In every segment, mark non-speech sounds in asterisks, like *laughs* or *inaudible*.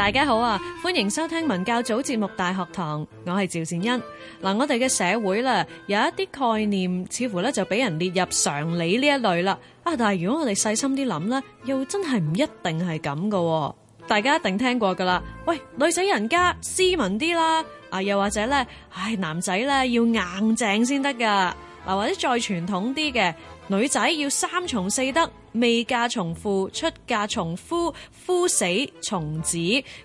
大家好啊，歡迎收聽文教組節目《大學堂》，我趙，我係趙善恩。嗱，我哋嘅社會啦，有一啲概念似乎咧就俾人列入常理呢一類啦。啊，但係如果我哋細心啲諗咧，又真係唔一定係咁噶。大家一定聽過噶啦。喂，女仔人家斯文啲啦，啊，又或者咧，唉、哎，男仔咧要硬淨先得噶。嗱，或者再傳統啲嘅，女仔要三從四德。未嫁從父，出嫁從夫，夫死從子。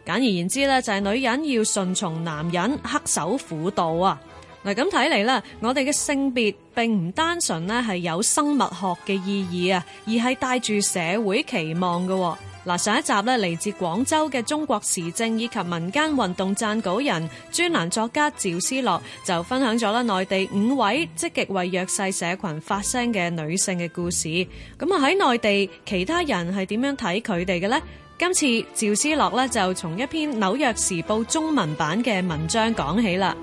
簡而言之咧，就係、是、女人要順從男人，恪守婦道啊！嗱，咁睇嚟咧，我哋嘅性別並唔單純咧係有生物學嘅意義啊，而係帶住社會期望嘅。嗱，上一集咧，嚟自廣州嘅中國時政以及民間運動撰稿人、專欄作家趙思樂就分享咗啦內地五位積極為弱勢社群發聲嘅女性嘅故事。咁啊喺內地其他人係點樣睇佢哋嘅呢？今次趙思樂咧就從一篇《紐約時報》中文版嘅文章講起啦。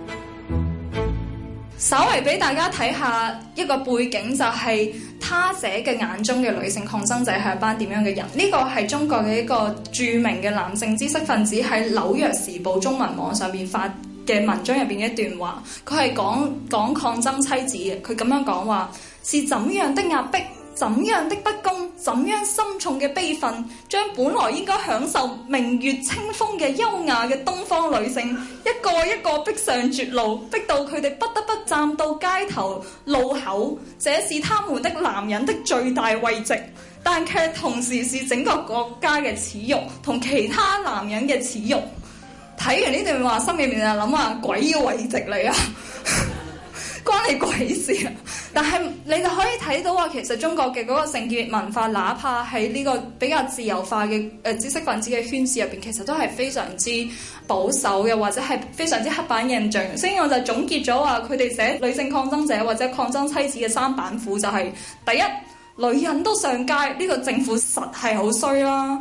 稍微俾大家睇下一個背景就係、是。他者嘅眼中嘅女性抗爭者係一班點樣嘅人？呢個係中國嘅一個著名嘅男性知識分子喺紐約時報中文網上邊發嘅文章入邊嘅一段話，佢係講講抗爭妻子嘅。佢咁樣講話，是怎樣的壓迫，怎樣的不公，怎樣深重嘅悲憤，將本來應該享受明月清風嘅優雅嘅東方女性，一個一個逼上絕路，逼到佢哋不得不站到街頭路口，這是他們的男人的最大慰藉，但卻同時是整個國家嘅恥辱，同其他男人嘅恥辱。睇完呢段話，心裏面就諗啊，鬼慰藉你啊！關你鬼事啊！但係你就可以睇到啊，其實中國嘅嗰個性別文化，哪怕喺呢個比較自由化嘅誒、呃、知識分子嘅圈子入邊，其實都係非常之保守嘅，或者係非常之刻板印象。所以我就總結咗話，佢哋寫女性抗爭者或者抗爭妻子嘅三板斧就係、是：第一，女人都上街，呢、這個政府實係好衰啦；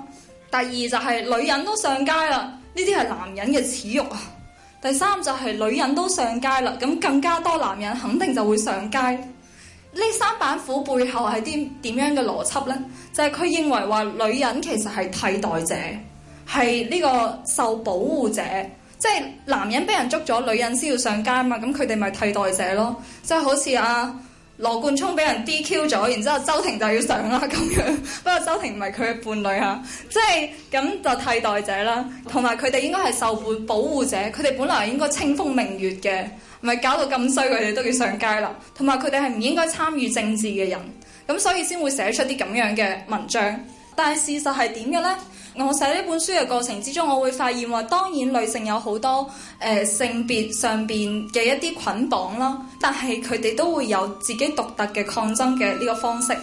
第二、就是，就係女人都上街啦，呢啲係男人嘅恥辱啊！第三就係女人都上街啦，咁更加多男人肯定就會上街。呢三板斧背後係啲點樣嘅邏輯呢？就係佢認為話女人其實係替代者，係呢個受保護者，即係男人俾人捉咗，女人先要上街嘛，咁佢哋咪替代者咯，即係好似啊。羅冠聰俾人 DQ 咗，然之後周庭就要上啦咁樣。不 *laughs* 過周庭唔係佢嘅伴侶嚇，即係咁就替代者啦。同埋佢哋應該係受保護者，佢哋本來應該清風明月嘅，唔係搞到咁衰，佢哋都要上街啦。同埋佢哋係唔應該參與政治嘅人，咁所以先會寫出啲咁樣嘅文章。但係事實係點嘅呢？我寫呢本書嘅過程之中，我會發現話，當然女性有好多、呃、性別上面嘅一啲捆綁啦，但係佢哋都會有自己獨特嘅抗爭嘅呢個方式。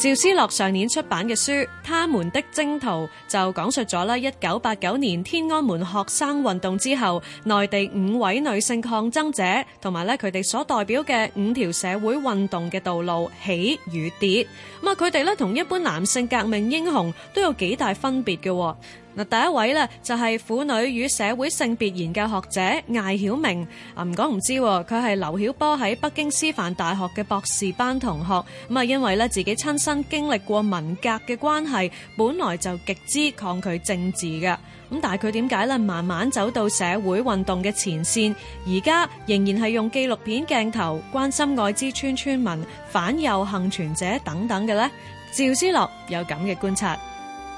趙思樂上年出版嘅書《她們的征途》就講述咗啦，一九八九年天安門學生運動之後，內地五位女性抗爭者同埋咧佢哋所代表嘅五條社會運動嘅道路起與跌，咁啊佢哋咧同一般男性革命英雄都有幾大分別嘅。嗱，第一位呢，就係、是、婦女與社會性別研究學者艾曉明，啊唔講唔知，佢係劉曉波喺北京師範大學嘅博士班同學，咁啊因為咧自己親身經歷過文革嘅關係，本來就極之抗拒政治嘅，咁但係佢點解咧慢慢走到社會運動嘅前線，而家仍然係用紀錄片鏡頭關心艾滋村村民、反右幸存者等等嘅呢？趙思樂有咁嘅觀察。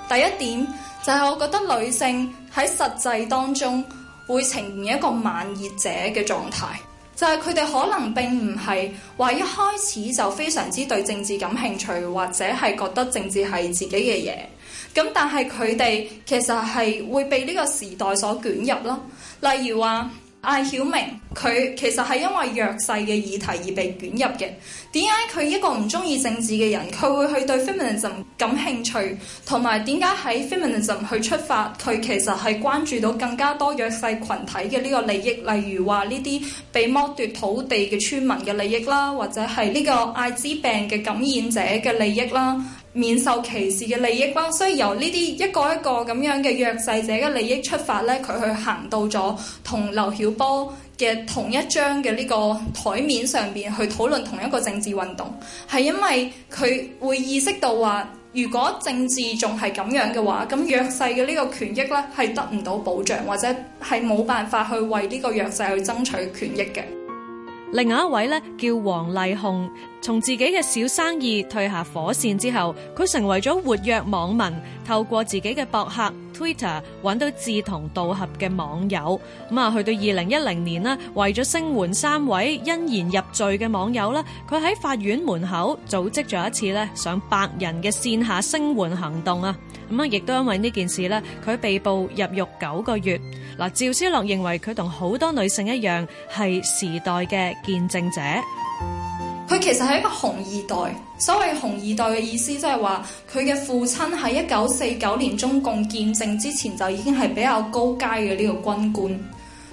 第一點就係、是、我覺得女性喺實際當中會呈現一個慢熱者嘅狀態，就係佢哋可能並唔係話一開始就非常之對政治感興趣，或者係覺得政治係自己嘅嘢，咁但係佢哋其實係會被呢個時代所捲入囉。例如話。艾曉明佢其實係因為弱勢嘅議題而被捲入嘅。點解佢一個唔中意政治嘅人，佢會去對 feminism 感興趣，同埋點解喺 feminism 去出發，佢其實係關注到更加多弱勢群體嘅呢個利益，例如話呢啲被剝奪土地嘅村民嘅利益啦，或者係呢個艾滋病嘅感染者嘅利益啦。免受歧視嘅利益啦，所以由呢啲一個一個咁樣嘅弱勢者嘅利益出發咧，佢去行到咗同劉曉波嘅同一張嘅呢個台面上邊去討論同一個政治運動，係因為佢會意識到話，如果政治仲係咁樣嘅話，咁弱勢嘅呢個權益咧係得唔到保障，或者係冇辦法去為呢個弱勢去爭取權益嘅。另外一位咧叫黃麗紅，從自己嘅小生意退下火線之後，佢成為咗活躍網民，透過自己嘅博客 Twitter 搵到志同道合嘅網友。去到二零一零年咧，為咗聲援三位因言入罪嘅網友咧，佢喺法院門口組織咗一次上百人嘅線下聲援行動。咁啊，亦都因為呢件事咧，佢被捕入獄九個月。嗱，趙思樂認為佢同好多女性一樣，係時代嘅見證者。佢其實係一個紅二代。所謂紅二代嘅意思，即係話佢嘅父親喺一九四九年中共建政之前，就已經係比較高階嘅呢個軍官。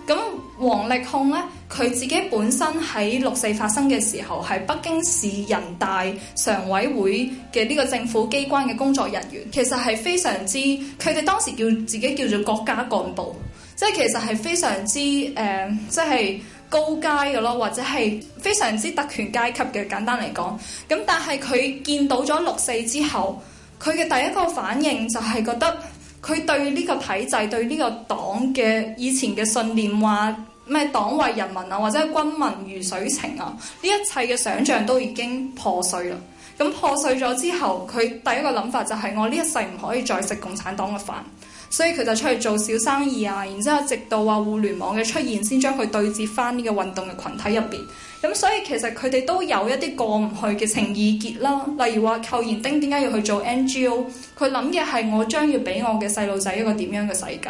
咁王力雄咧。佢自己本身喺六四發生嘅時候，係北京市人大常委會嘅呢個政府機關嘅工作人員，其實，係非常之，佢哋當時叫自己叫做國家幹部，即係其實，係非常之誒、呃、即係高階嘅咯，或者係非常之特權階級嘅。簡單嚟講，咁但係，佢見到咗六四之後，佢嘅第一個反應就係覺得佢對呢個體制、對呢個黨嘅以前嘅信念話。咩黨為人民啊，或者軍民如水情啊，呢一切嘅想像都已經破碎啦。咁破碎咗之後，佢第一個諗法就係我呢一世唔可以再食共產黨嘅飯，所以佢就出去做小生意啊。然之後，直到話互聯網嘅出現，先將佢對接返呢個運動嘅群體入邊。咁所以其實佢哋都有一啲過唔去嘅情意結啦，例如話寇延丁點解要去做 NGO？佢諗嘅係我將要俾我嘅細路仔一個點樣嘅世界，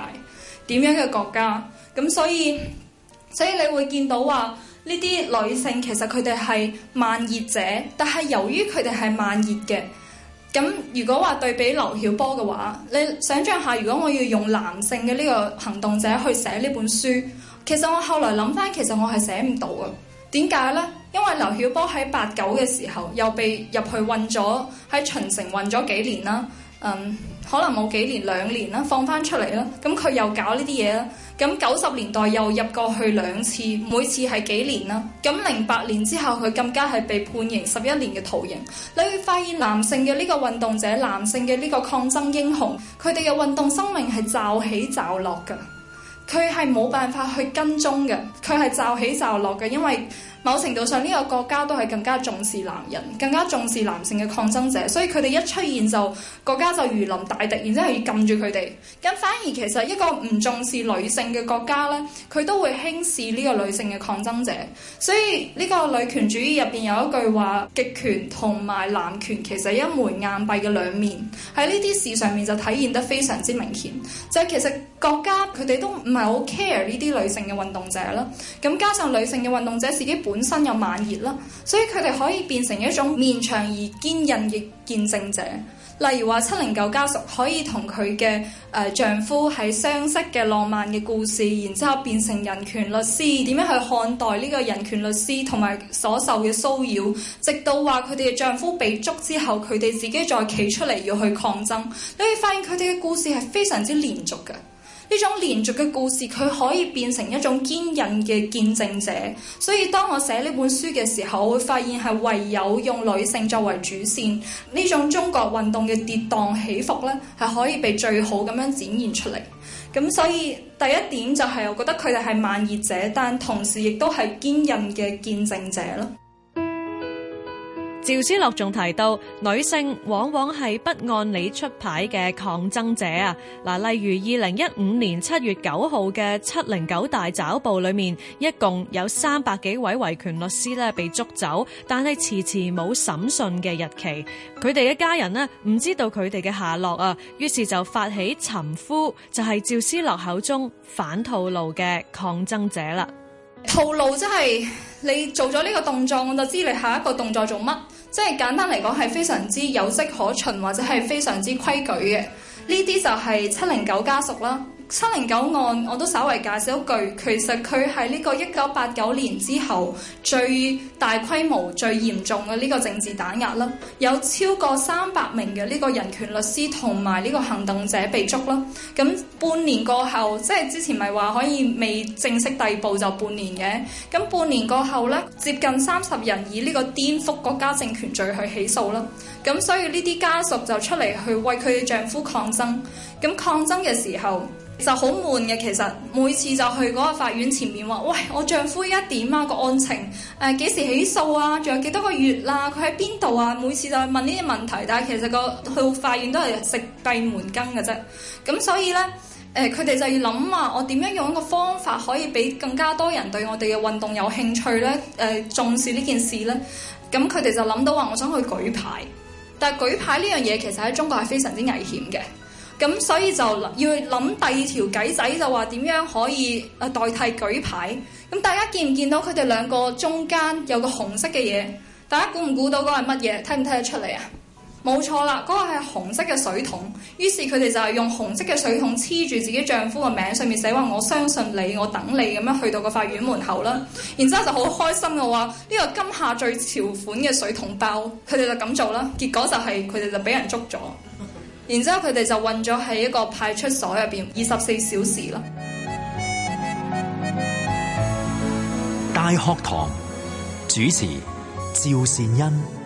點樣嘅國家咁，所以。所以你會見到話呢啲女性其實佢哋係慢熱者，但係由於佢哋係慢熱嘅，咁如果話對比劉曉波嘅話，你想象下，如果我要用男性嘅呢個行動者去寫呢本書，其實我後來諗翻，其實我係寫唔到啊。點解呢？因為劉曉波喺八九嘅時候又被入去混咗喺秦城混咗幾年啦。嗯。可能冇幾年兩年啦，放翻出嚟啦，咁佢又搞呢啲嘢啦。咁九十年代又入過去兩次，每次係幾年啦？咁零八年之後佢更加係被判刑十一年嘅徒刑。你會發現男性嘅呢個運動者，男性嘅呢個抗爭英雄，佢哋嘅運動生命係驟起驟落嘅，佢係冇辦法去跟蹤嘅，佢係驟起驟落嘅，因為。某程度上呢個國家都係更加重視男人，更加重視男性嘅抗爭者，所以佢哋一出現就國家就如臨大敵，然之後要撳住佢哋。咁反而其實一個唔重視女性嘅國家咧，佢都會輕視呢個女性嘅抗爭者。所以呢個女權主義入邊有一句話：極權同埋男權其實係一枚硬幣嘅兩面，喺呢啲事上面就體現得非常之明顯，就係其實國家佢哋都唔係好 care 呢啲女性嘅運動者啦。咁加上女性嘅運動者自己。本身又慢熱啦，所以佢哋可以變成一種綿長而堅韌嘅見證者。例如話七零九家屬可以同佢嘅誒丈夫喺相識嘅浪漫嘅故事，然之後變成人權律師，點樣去看待呢個人權律師同埋所受嘅騷擾，直到話佢哋嘅丈夫被捉之後，佢哋自己再企出嚟要去抗爭，你可以發現佢哋嘅故事係非常之連續嘅。呢種連續嘅故事，佢可以變成一種堅韌嘅見證者。所以當我寫呢本書嘅時候，我會發現係唯有用女性作為主線，呢種中國運動嘅跌宕起伏呢係可以被最好咁樣展現出嚟。咁所以第一點就係我覺得佢哋係慢熱者，但同時亦都係堅韌嘅見證者啦。趙思樂仲提到，女性往往係不按理出牌嘅抗爭者啊，嗱，例如二零一五年七月九號嘅七零九大抓捕裏面，一共有三百幾位維權律師咧被捉走，但係遲遲冇審訊嘅日期，佢哋一家人咧唔知道佢哋嘅下落啊，於是就發起尋夫，就係、是、趙思樂口中反套路嘅抗爭者啦。套路即係你做咗呢個動作，我就知你下一個動作做乜。即係簡單嚟講，係非常之有跡可循，或者係非常之規矩嘅。呢啲就係七零九家屬啦。七零九案，我都稍微介紹一句。其實佢係呢個一九八九年之後最大規模、最嚴重嘅呢個政治打壓啦。有超過三百名嘅呢個人權律師同埋呢個行動者被捉啦。咁半年過後，即係之前咪話可以未正式逮捕就半年嘅。咁半年過後咧，接近三十人以呢個顛覆國家政權罪去起訴啦。咁所以呢啲家屬就出嚟去為佢嘅丈夫抗爭。咁抗爭嘅時候，就好悶嘅，其實每次就去嗰個法院前面話，喂，我丈夫而家點啊，個案情，誒、呃、幾時起訴啊，仲有幾多個月啦、啊，佢喺邊度啊？每次就問呢啲問題，但係其實、嗰個去法院都係食閉門羹嘅啫。咁所以呢，誒佢哋就要諗啊，我點樣用一個方法可以俾更加多人對我哋嘅運動有興趣呢？呃，誒重視呢件事呢。咁佢哋就諗到話、啊，我想去舉牌，但係舉牌呢樣嘢其實喺中國係非常之危險嘅。咁所以就要諗第二條計仔，就話點樣可以啊代替舉牌？咁大家見唔見到佢哋兩個中間有個紅色嘅嘢？大家估唔估到嗰係乜嘢？聽唔聽得出嚟啊？冇錯啦，嗰、那個係紅色嘅水桶。於是佢哋就係用紅色嘅水桶黐住自己丈夫個名，上面寫話我相信你，我等你咁樣去到個法院門口啦。然之後就好開心嘅話，呢、這個今夏最潮款嘅水桶包，佢哋就咁做啦。結果就係佢哋就俾人捉咗。然之後佢哋就混咗喺一個派出所入面二十四小時。大學堂主持趙善恩。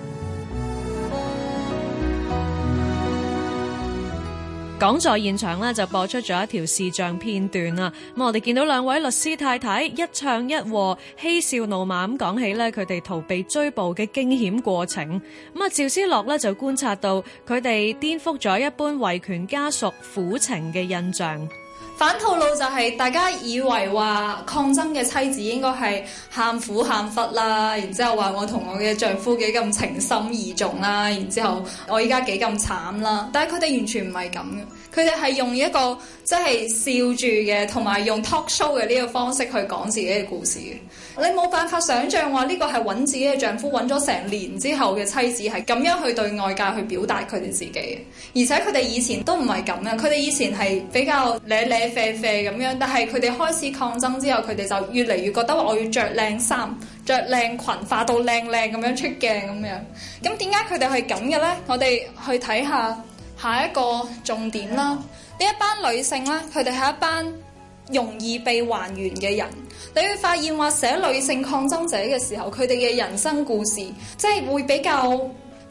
講座現場咧就播出咗一條視像片段啊，咁我哋見到兩位律師太太一唱一和，嬉笑怒罵咁講起咧佢哋逃避追捕嘅驚險過程，咁啊趙思樂咧就觀察到佢哋顛覆咗一般維權家屬苦情嘅印象。反套路就係大家以為話抗爭嘅妻子應該係喊苦喊忽啦，然之後話我同我嘅丈夫幾咁情深意重啦，然之後我依家幾咁慘啦。但係佢哋完全唔係咁嘅，佢哋係用一個即係笑住嘅，同埋用 talk show 嘅呢個方式去講自己嘅故事。你冇辦法想象話呢個係揾自己嘅丈夫揾咗成年之後嘅妻子係咁樣去對外界去表達佢哋自己，而且佢哋以前都唔係咁嘅，佢哋以前係比較倆倆啡啡咁樣，但係佢哋開始抗爭之後，佢哋就越嚟越覺得我要着靚衫、着靚裙，化到靚靚咁樣出鏡咁樣。咁點解佢哋係咁嘅咧？我哋去睇下下一個重點啦。呢、嗯、一班女性啦，佢哋係一班容易被還原嘅人。你會發現話寫女性抗爭者嘅時候，佢哋嘅人生故事，即係會比較，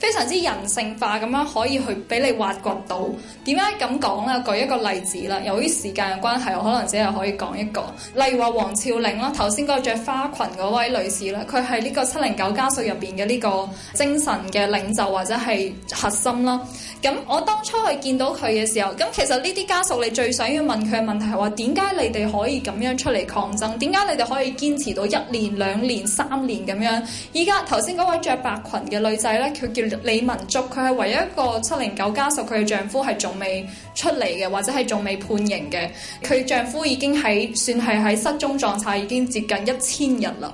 非常之人性化咁樣可以去俾你挖掘到。點解咁講呢？舉一個例子啦，由於時間嘅關係，我可能只係可以講一個，例如話王峭嶺啦，頭先嗰着花裙嗰位女士啦，佢係呢個七零九家屬入邊嘅呢個精神嘅領袖或者係核心啦。咁我當初去見到佢嘅時候，咁其實呢啲家屬，你最想要問佢嘅問題係話點解你哋可以咁樣出嚟抗爭？點解你哋可以堅持到一年、兩年、三年咁樣？依家頭先嗰位着白裙嘅女仔咧，佢叫李文足，佢係唯一一個七零九家屬，佢嘅丈夫係仲未出嚟嘅，或者係仲未判刑嘅。佢丈夫已經喺算係喺失蹤狀態，已經接近一千日啦。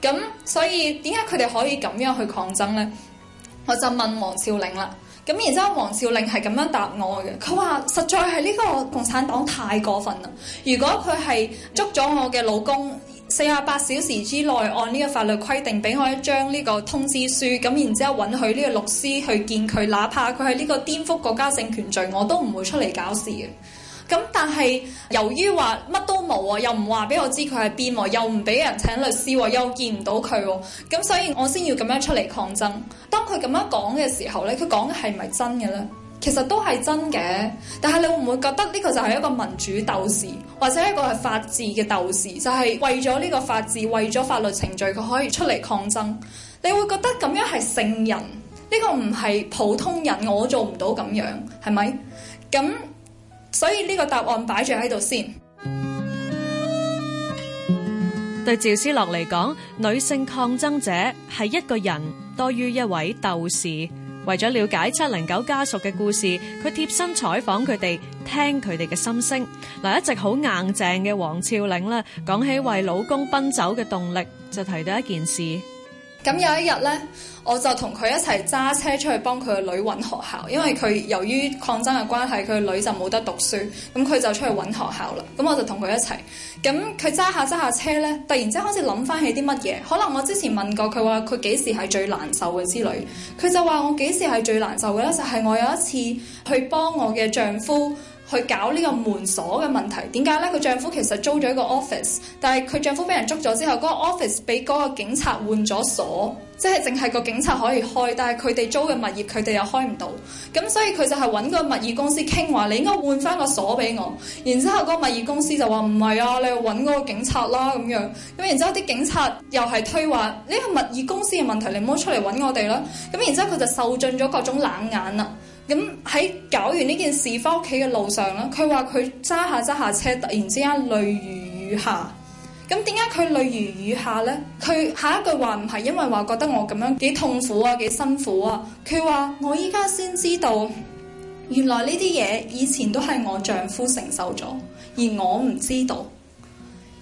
咁所以點解佢哋可以咁樣去抗爭咧？我就問王峭嶺啦。咁然之後，王峭嶺係咁樣答我嘅。佢話：實在係呢個共產黨太過分啦！如果佢係捉咗我嘅老公，四十八小時之內按呢個法律規定俾我一張呢個通知書，咁然之後允許呢個律師去見佢，哪怕佢係呢個顛覆國家政權罪，我都唔會出嚟搞事嘅。咁但係由於話乜都冇啊，又唔話俾我知佢係邊喎，又唔俾人請律師喎，又見唔到佢喎，咁所以我先要咁樣出嚟抗爭。當佢咁樣講嘅時候呢，佢講嘅係咪真嘅呢？其實都係真嘅。但係你會唔會覺得呢個就係一個民主鬥士，或者一個係法治嘅鬥士？就係為咗呢個法治，為咗法律程序，佢可以出嚟抗爭。你會覺得咁樣係聖人？呢個唔係普通人，我都做唔到咁樣，係咪？咁所以呢個答案擺住喺度先。對趙思樂嚟講，女性抗爭者係一個人多於一位鬥士。為咗了、了解七零九家屬嘅故事，佢貼身採訪佢哋，聽佢哋嘅心聲。嗱，一直好硬淨嘅王峭嶺咧，講起為老公奔走嘅動力，就提到一件事。咁有一日咧，我就同佢一齊揸車出去幫佢個女揾學校，因為佢由於抗爭嘅關係，佢個女就冇得讀書，咁佢就出去揾學校啦。咁我就同佢一齊，咁佢揸下揸下車咧，突然之間開始諗翻起啲乜嘢，可能我之前問過佢話佢幾時係最難受嘅之類，佢就話我幾時係最難受嘅咧，就係、是、我有一次去幫我嘅丈夫，去搞呢個門鎖嘅問題點解呢？佢丈夫其實租咗一個 office，但係佢丈夫俾人捉咗之後，嗰個 office 俾嗰個警察換咗鎖，即係淨係個警察可以開，但係佢哋租嘅物業佢哋又開唔到。咁所以佢就係揾個物業公司傾話，你應該換翻個鎖俾我。然之後嗰個物業公司就話唔係啊，你揾嗰個警察啦咁樣。咁然之後啲警察又係推話呢個物業公司嘅問題，你唔好出嚟揾我哋啦。咁然之後佢就受盡咗各種冷眼啦。咁喺搞完呢件事翻屋企嘅路上咧，佢話佢揸下揸下車，突然之間淚如雨下。咁點解佢淚如雨下呢？佢下一句話唔係因為話覺得我咁樣幾痛苦啊，幾辛苦啊。佢話我依家先知道，原來呢啲嘢以前都係我丈夫承受咗，而我唔知道。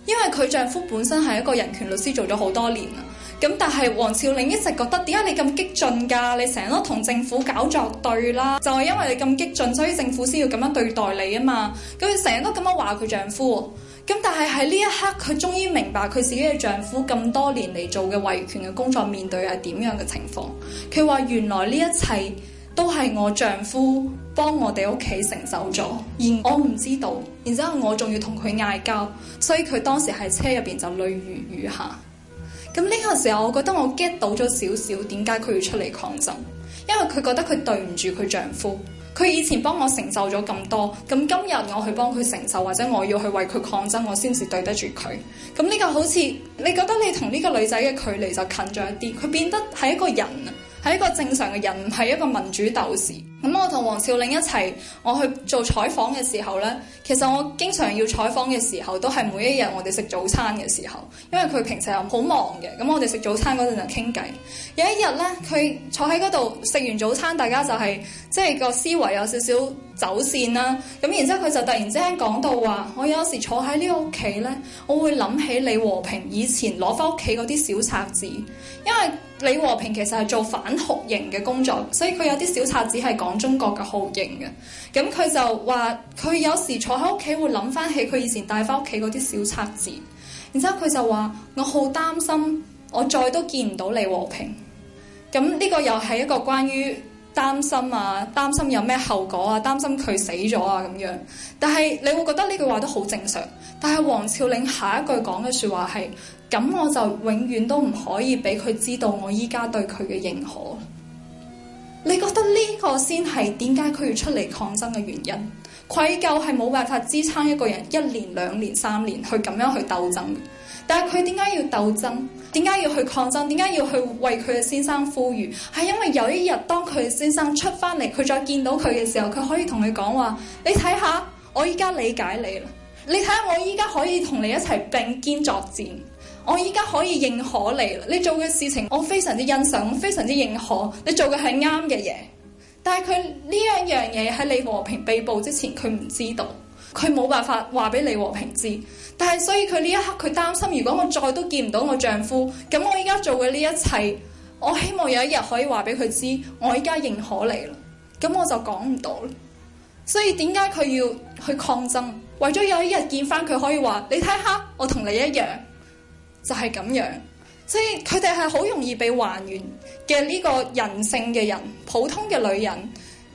因為佢丈夫本身係一個人權律師，做咗好多年啦。咁但係黃兆玲一直覺得點解你咁激進㗎？你成日都同政府搞作對啦，就係因為你咁激進，所以政府先要咁樣對待你啊嘛。咁佢成日都咁樣話佢丈夫。咁但係喺呢一刻，佢終於明白佢自己嘅丈夫咁多年嚟做嘅維權嘅工作，面對係點樣嘅情況。佢話：原來呢一切都係我丈夫幫我哋屋企承受咗，而我唔知道，然之後我仲要同佢嗌交，所以佢當時喺車入面就淚如雨下。咁呢個時候，我覺得我 get 到咗少少，點解佢要出嚟抗爭？因為佢覺得佢對唔住佢丈夫，佢以前幫我承受咗咁多，咁今日我去幫佢承受，或者我要去為佢抗爭，我先至對得住佢。咁呢個好似你覺得你同呢個女仔嘅距離就近咗一啲，佢變得係一個人。係一個正常嘅人，唔係一個民主鬥士。咁我同王峭嶺一齊，我去做採訪嘅時候呢，其實我經常要採訪嘅時候都係每一日我哋食早餐嘅時候，因為佢平時又好忙嘅。咁我哋食早餐嗰陣就傾偈。有一日呢，佢坐喺嗰度食完早餐，大家就係、是、即係個思維有少少走線啦。咁然之後佢就突然之間講到話：我有時坐喺呢個屋企呢，我會諗起李和平以前攞翻屋企嗰啲小冊子，因為。李和平其實係做反酷刑嘅工作，所以佢有啲小冊子係講中國嘅酷刑嘅。咁佢就話：佢有時坐喺屋企會諗翻起佢以前帶翻屋企嗰啲小冊子，然之後佢就話：我好擔心，我再都見唔到李和平。咁呢個又係一個關於擔心啊，擔心有咩後果啊，擔心佢死咗啊咁樣。但係你會覺得呢句話都好正常。但係王峭嶺下一句講嘅説話係。咁我就永遠都唔可以俾佢知道我依家對佢嘅認可。你覺得呢個先係點解佢要出嚟抗爭嘅原因？愧疚係冇辦法支撐一個人一年、兩年、三年去咁樣去鬥爭。但係佢點解要鬥爭？點解要去抗爭？點解要去為佢嘅先生呼籲？係因為有一日當佢先生出返嚟，佢再見到佢嘅時候，佢可以同佢講話：你睇下，我依家理解你啦。你睇下，我依家可以同你一齊並肩作戰。我依家可以認可你，你做嘅事情我非常之欣賞，非常之認可你做嘅係啱嘅嘢。但係佢呢一樣嘢喺李和平被捕之前，佢唔知道，佢冇辦法話俾李和平知。但係所以佢呢一刻佢擔心，如果我再都見唔到我丈夫，咁我依家做嘅呢一切，我希望有一日可以話俾佢知，我依家認可你啦。咁我就講唔到。所以點解佢要去抗爭？為咗有一日見翻佢，可以話你睇下，我同你一樣。就係咁樣，所以佢哋係好容易被還原嘅呢個人性嘅人，普通嘅女人。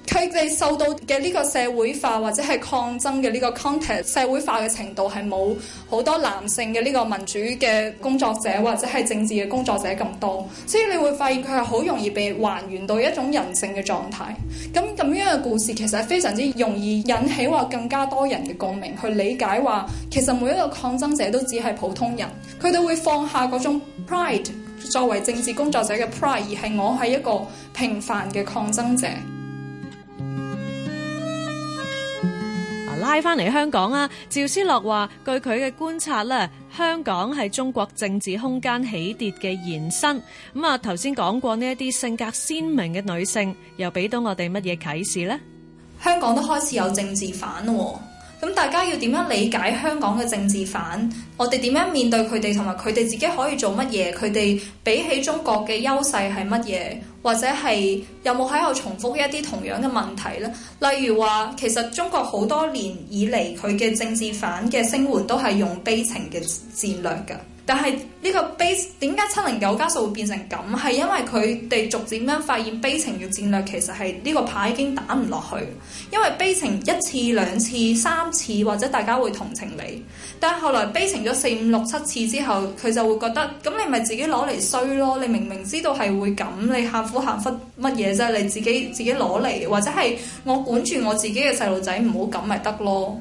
佢哋受到嘅呢個社會化或者係抗爭嘅呢個 context 社會化嘅程度係冇好多男性嘅呢個民主嘅工作者或者係政治嘅工作者咁多，所以你會發現，佢係好容易被還原到一種人性嘅狀態，咁咁樣嘅故事其實非常之容易引起話更加多人嘅共鳴去理解話，其實每一個抗爭者都只係普通人，佢哋會放下嗰種 pride 作為政治工作者嘅 pride，而係我係一個平凡嘅抗爭者。拉翻嚟香港啊，趙思樂話，據佢嘅觀察咧，香港係中國政治空間起跌嘅延伸。咁啊，頭先講過呢一啲性格鮮明嘅女性，又俾到我哋乜嘢啟示呢？香港都開始有政治反政治犯嘞。咁大家要點樣理解香港嘅政治犯？我哋點樣面對佢哋，同埋佢哋自己可以做乜嘢？佢哋比起中國嘅優勢係乜嘢？或者係有冇喺度重複一啲同樣嘅問題呢？例如話，其實中國好多年以嚟，佢嘅政治犯嘅聲援都係用悲情嘅戰略㗎。但係呢個悲點解七零九加數會變成咁？係因為佢哋逐漸咁樣發現悲情嘅戰略，其實係呢個牌已經打唔落去，因為悲情一次兩次三次或者大家會同情你，但係後來悲情咗四五六七次之後，佢就會覺得咁你咪自己攞嚟衰咯！你明明知道係會咁，你含糊含忽喊苦喊忽乜嘢啫？你自己自己攞嚟，或者係我管住我自己嘅細路仔唔好咁咪得咯。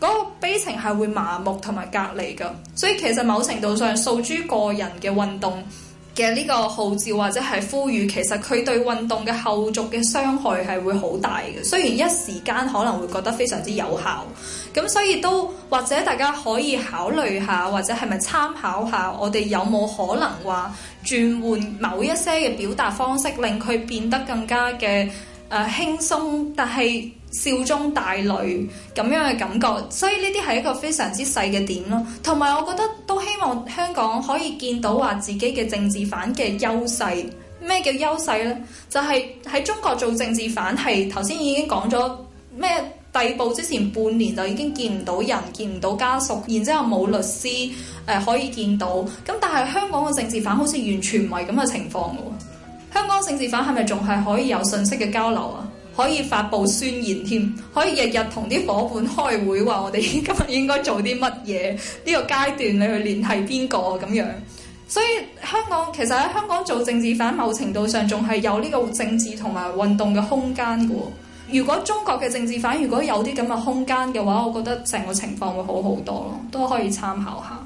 嗰個悲情係會麻木同埋隔離嘅，所以其實某程度上訴諸個人嘅運動嘅呢個號召或者係呼籲，其實佢對運動嘅後續嘅傷害係會好大嘅。雖然一時間可能會覺得非常之有效，咁所以都或者大家可以考慮下，或者係咪參考下我哋有冇可能話轉換某一些嘅表達方式，令佢變得更加嘅誒、呃、輕鬆，但係，笑中帶淚咁樣嘅感覺，所以呢啲係一個非常之細嘅點咯。同埋，我覺得都希望香港可以見到話自己嘅政治犯嘅優勢。咩叫優勢呢？就係喺中國做政治犯係頭先已經講咗，咩逮捕之前半年就已經見唔到人，見唔到家屬，然之後冇律師誒可以見到。咁但係香港嘅政治犯好似完全唔係咁嘅情況喎。香港政治犯係咪仲係可以有信息嘅交流啊？可以發布宣言添，可以日日同啲伙伴開會話，我哋今日應該做啲乜嘢？呢個階段你去聯繫邊個咁樣？所以香港其實喺香港做政治犯，某程度上仲係有呢個政治同埋運動嘅空間嘅。如果中國嘅政治犯如果有啲咁嘅空間嘅話，我覺得成個情況會好好多咯，都可以參考下。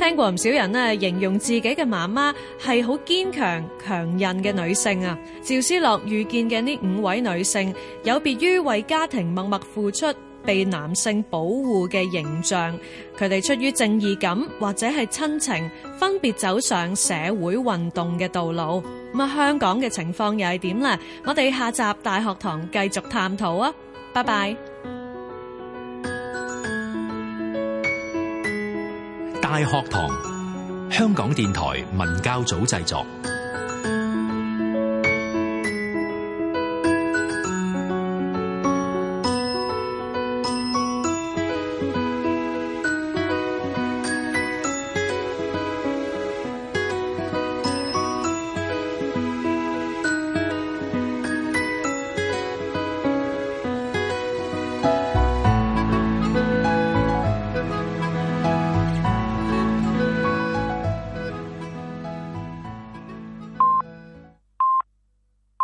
聽過唔少人咧，形容自己嘅媽媽係好堅強強韌嘅女性啊。趙思樂遇見嘅呢五位女性，有別於為家庭默默付出、被男性保護嘅形象，佢哋出於正義感或者係親情，分別走上社會運動嘅道路。咁啊，香港嘅情況又係點呢？我哋下集大學堂繼續探討啊！拜拜。大學堂，香港電台文教組製作。